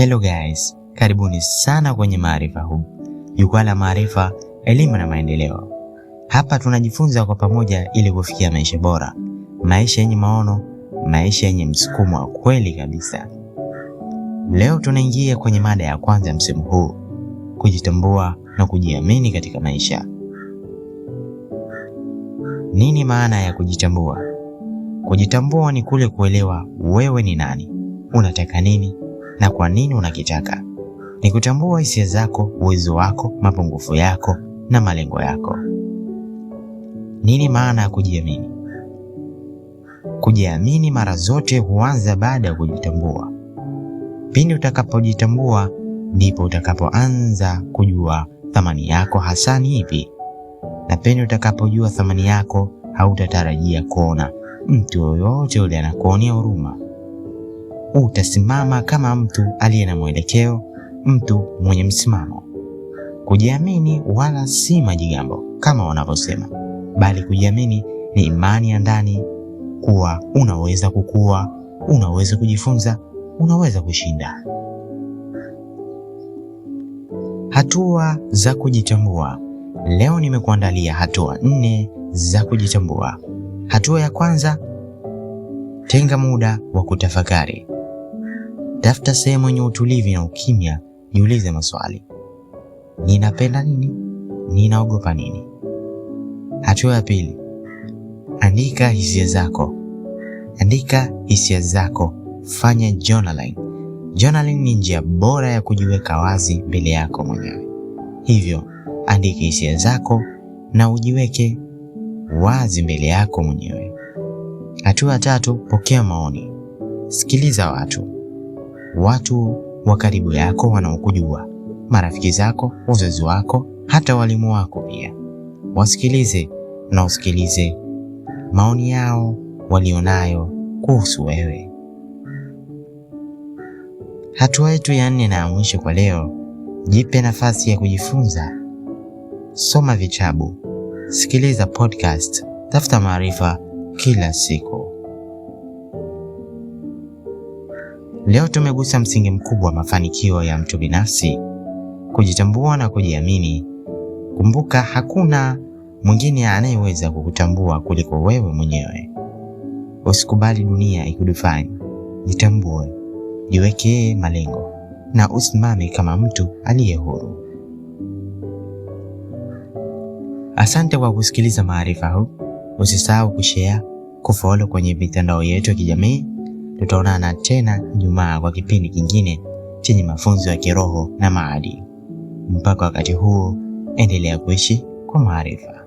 Hello guys, karibuni sana kwenye Maarifa Hub, jukwaa la maarifa, elimu na maendeleo. Hapa tunajifunza kwa pamoja ili kufikia maisha bora, maisha yenye maono, maisha yenye msukumo wa kweli kabisa. Leo tunaingia kwenye mada ya kwanza msimu huu, kujitambua na kujiamini katika maisha. Nini maana ya kujitambua? Kujitambua ni kule kuelewa wewe ni nani, unataka nini na kwa nini unakitaka. Ni kutambua hisia zako, uwezo wako, mapungufu yako na malengo yako. Nini maana ya kujiamini? Kujiamini mara zote huanza baada ya kujitambua. Pindi utakapojitambua, ndipo utakapoanza kujua thamani yako hasa ni ipi, na pindi utakapojua thamani yako, hautatarajia kuona mtu yoyote ule anakuonea huruma utasimama kama mtu aliye na mwelekeo, mtu mwenye msimamo. Kujiamini wala si majigambo kama wanavyosema, bali kujiamini ni imani ya ndani kuwa unaweza kukua, unaweza kujifunza, unaweza kushinda. Hatua za kujitambua. Leo nimekuandalia hatua nne za kujitambua. Hatua ya kwanza, tenga muda wa kutafakari. Tafuta sehemu yenye utulivu na ukimya, jiulize maswali: ninapenda nini? Ninaogopa nini? Hatua ya pili, andika hisia zako. Andika hisia zako, fanya journaling. Journaling ni njia bora ya kujiweka wazi mbele yako mwenyewe, hivyo andika hisia zako na ujiweke wazi mbele yako mwenyewe. Hatua ya tatu, pokea maoni, sikiliza watu watu wa karibu yako wanaokujua, marafiki zako, wazazi wako, hata walimu wako pia. Wasikilize na usikilize maoni yao walionayo kuhusu wewe. Hatua yetu ya nne na ya mwisho kwa leo, jipe nafasi ya kujifunza. Soma vitabu, sikiliza podcast, tafuta maarifa kila siku. Leo tumegusa msingi mkubwa wa mafanikio ya mtu binafsi, kujitambua na kujiamini. Kumbuka, hakuna mwingine anayeweza kukutambua kuliko wewe mwenyewe. Usikubali dunia ikudefine. Jitambue, jiwekee malengo na usimame kama mtu aliye huru. Asante kwa kusikiliza maarifa huu. Usisahau kushare, kufollow kwenye mitandao yetu ya kijamii Tutaonana tena Ijumaa kwa kipindi kingine chenye mafunzo ya kiroho na maadili. Mpaka wakati huo, endelea kuishi kwa maarifa.